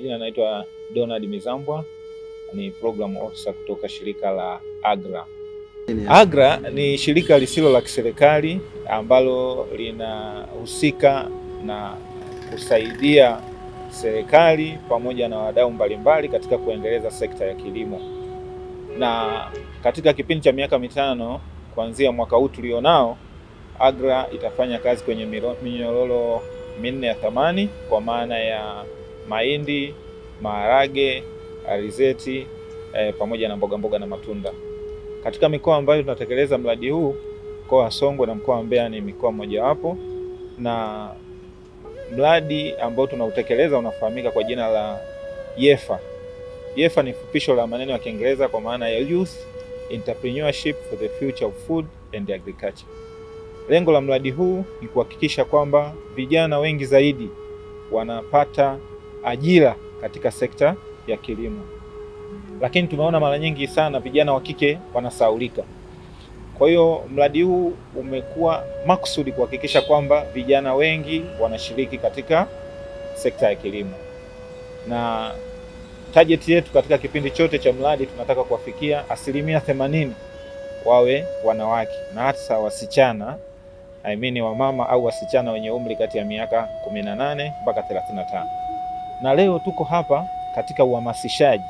Kwa jina naitwa Donald Mizambwa, ni program officer kutoka shirika la AGRA. AGRA ni shirika lisilo la kiserikali ambalo linahusika na kusaidia serikali pamoja na wadau mbalimbali katika kuendeleza sekta ya kilimo, na katika kipindi cha miaka mitano kuanzia mwaka huu tulionao, AGRA itafanya kazi kwenye minyororo minne ya thamani kwa maana ya mahindi, maharage, alizeti eh, pamoja na mboga mboga na matunda. Katika mikoa ambayo tunatekeleza mradi huu, mkoa wa Songwe na mkoa wa Mbeya ni mikoa mojawapo, na mradi ambao tunautekeleza unafahamika kwa jina la YEFFA. YEFFA ni fupisho la maneno ya Kiingereza kwa maana ya Youth Entrepreneurship for the Future of Food and Agriculture. Lengo la mradi huu ni kuhakikisha kwamba vijana wengi zaidi wanapata ajira katika sekta ya kilimo, lakini tumeona mara nyingi sana vijana wa kike wanasaulika. Kwa hiyo mradi huu umekuwa makusudi kuhakikisha kwamba vijana wengi wanashiriki katika sekta ya kilimo, na target yetu katika kipindi chote cha mradi tunataka kuwafikia asilimia themanini wawe wanawake na hasa wasichana I mean wamama au wasichana wenye umri kati ya miaka 18 mpaka 35 na leo tuko hapa katika uhamasishaji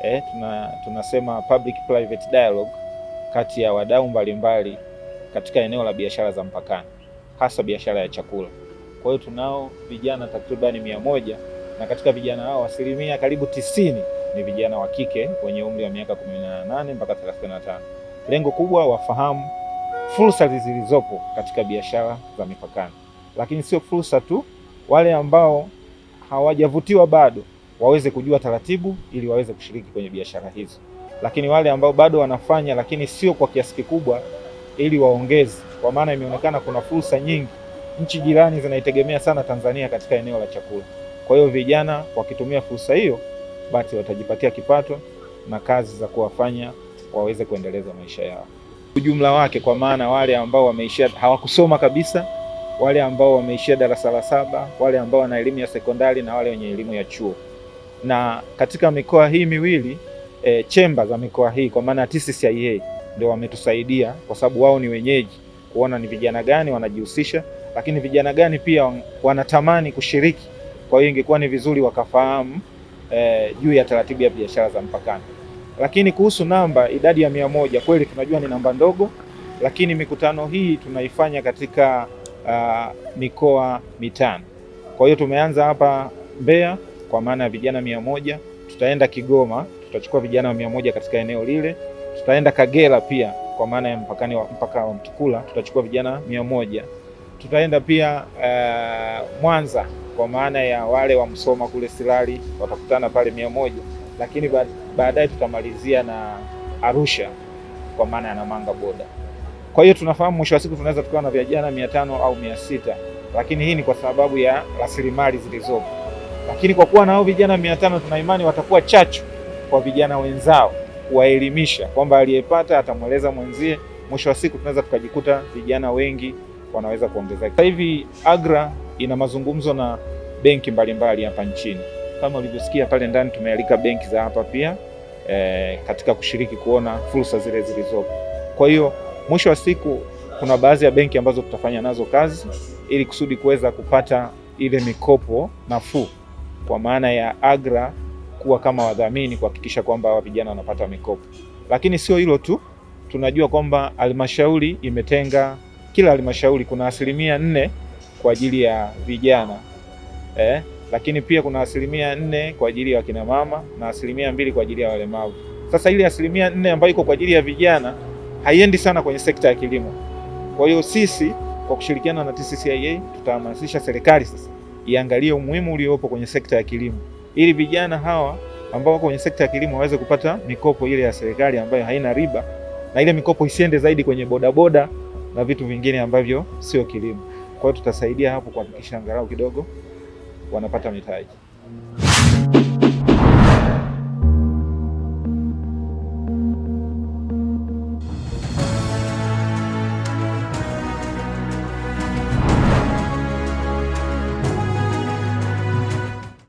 eh, tuna, tunasema public private dialogue kati ya wadau mbalimbali katika eneo la biashara za mpakani hasa biashara ya chakula. Kwa hiyo tunao vijana takribani mia moja na katika vijana hao asilimia karibu tisini ni vijana wa kike wenye umri wa miaka 18 mpaka 35. Lengo kubwa wafahamu fursa zilizopo katika biashara za mipakani, lakini sio fursa tu, wale ambao hawajavutiwa bado waweze kujua taratibu ili waweze kushiriki kwenye biashara hizo, lakini wale ambao bado wanafanya lakini sio kwa kiasi kikubwa, ili waongeze, kwa maana imeonekana kuna fursa nyingi nchi jirani zinaitegemea sana Tanzania katika eneo la chakula. Kwa hiyo vijana wakitumia fursa hiyo, basi watajipatia kipato na kazi za kuwafanya waweze kuendeleza maisha yao ujumla wake, kwa maana wale ambao wameishia hawakusoma kabisa wale ambao wameishia darasa la saba, wale ambao wana elimu ya sekondari na wale wenye elimu ya chuo. Na katika mikoa hii miwili e, chemba za mikoa hii kwa maana TCCIA ndio wametusaidia kwa sababu wao ni wenyeji kuona ni vijana gani wanajihusisha, lakini vijana gani pia wanatamani kushiriki. Kwa hiyo ingekuwa ni vizuri wakafahamu e, juu ya taratibu ya biashara za mpakani. Lakini kuhusu namba, idadi ya mia moja kweli tunajua ni namba ndogo, lakini mikutano hii tunaifanya katika uh, mikoa mitano. Kwa hiyo tumeanza hapa Mbeya kwa maana ya vijana mia moja, tutaenda Kigoma tutachukua vijana mia moja katika eneo lile, tutaenda Kagera pia kwa maana ya mpakani wa mpaka wa Mtukula tutachukua vijana mia moja, tutaenda pia uh, Mwanza kwa maana ya wale wa Msoma kule Silali watakutana pale mia moja, lakini baadaye tutamalizia na Arusha kwa maana ya Namanga boda. Kwa hiyo tunafahamu mwisho wa siku tunaweza tukawa na vijana mia tano au mia sita lakini hii ni kwa sababu ya rasilimali zilizopo, lakini kwa kuwa nao vijana mia tano tuna imani watakuwa chachu kwa vijana wenzao kuwaelimisha kwamba aliyepata atamweleza mwenzie. Mwisho wa siku tunaweza tukajikuta vijana wengi wanaweza kuongezeka. Sasa hivi AGRA ina mazungumzo na benki mbalimbali hapa nchini, kama ulivyosikia pale ndani, tumealika benki za hapa pia e, katika kushiriki kuona fursa zile zilizopo, kwa hiyo Mwisho wa siku, kuna baadhi ya benki ambazo tutafanya nazo kazi ili kusudi kuweza kupata ile mikopo nafuu, kwa maana ya AGRA kuwa kama wadhamini kuhakikisha kwamba hawa vijana wanapata mikopo. Lakini sio hilo tu, tunajua kwamba halmashauri imetenga, kila halmashauri kuna asilimia nne kwa ajili ya vijana eh, lakini pia kuna asilimia nne kwa ajili ya wakinamama na asilimia mbili kwa ajili ya walemavu. Sasa ile asilimia nne ambayo iko kwa ajili ya vijana haiendi sana kwenye sekta ya kilimo. Kwa hiyo sisi kwa kushirikiana na TCCIA tutahamasisha serikali sasa iangalie umuhimu uliopo kwenye sekta ya kilimo ili vijana hawa ambao wako kwenye sekta ya kilimo waweze kupata mikopo ile ya serikali ambayo haina riba, na ile mikopo isiende zaidi kwenye bodaboda na vitu vingine ambavyo sio kilimo. Kwa hiyo tutasaidia hapo kuhakikisha angalau kidogo wanapata mitaji.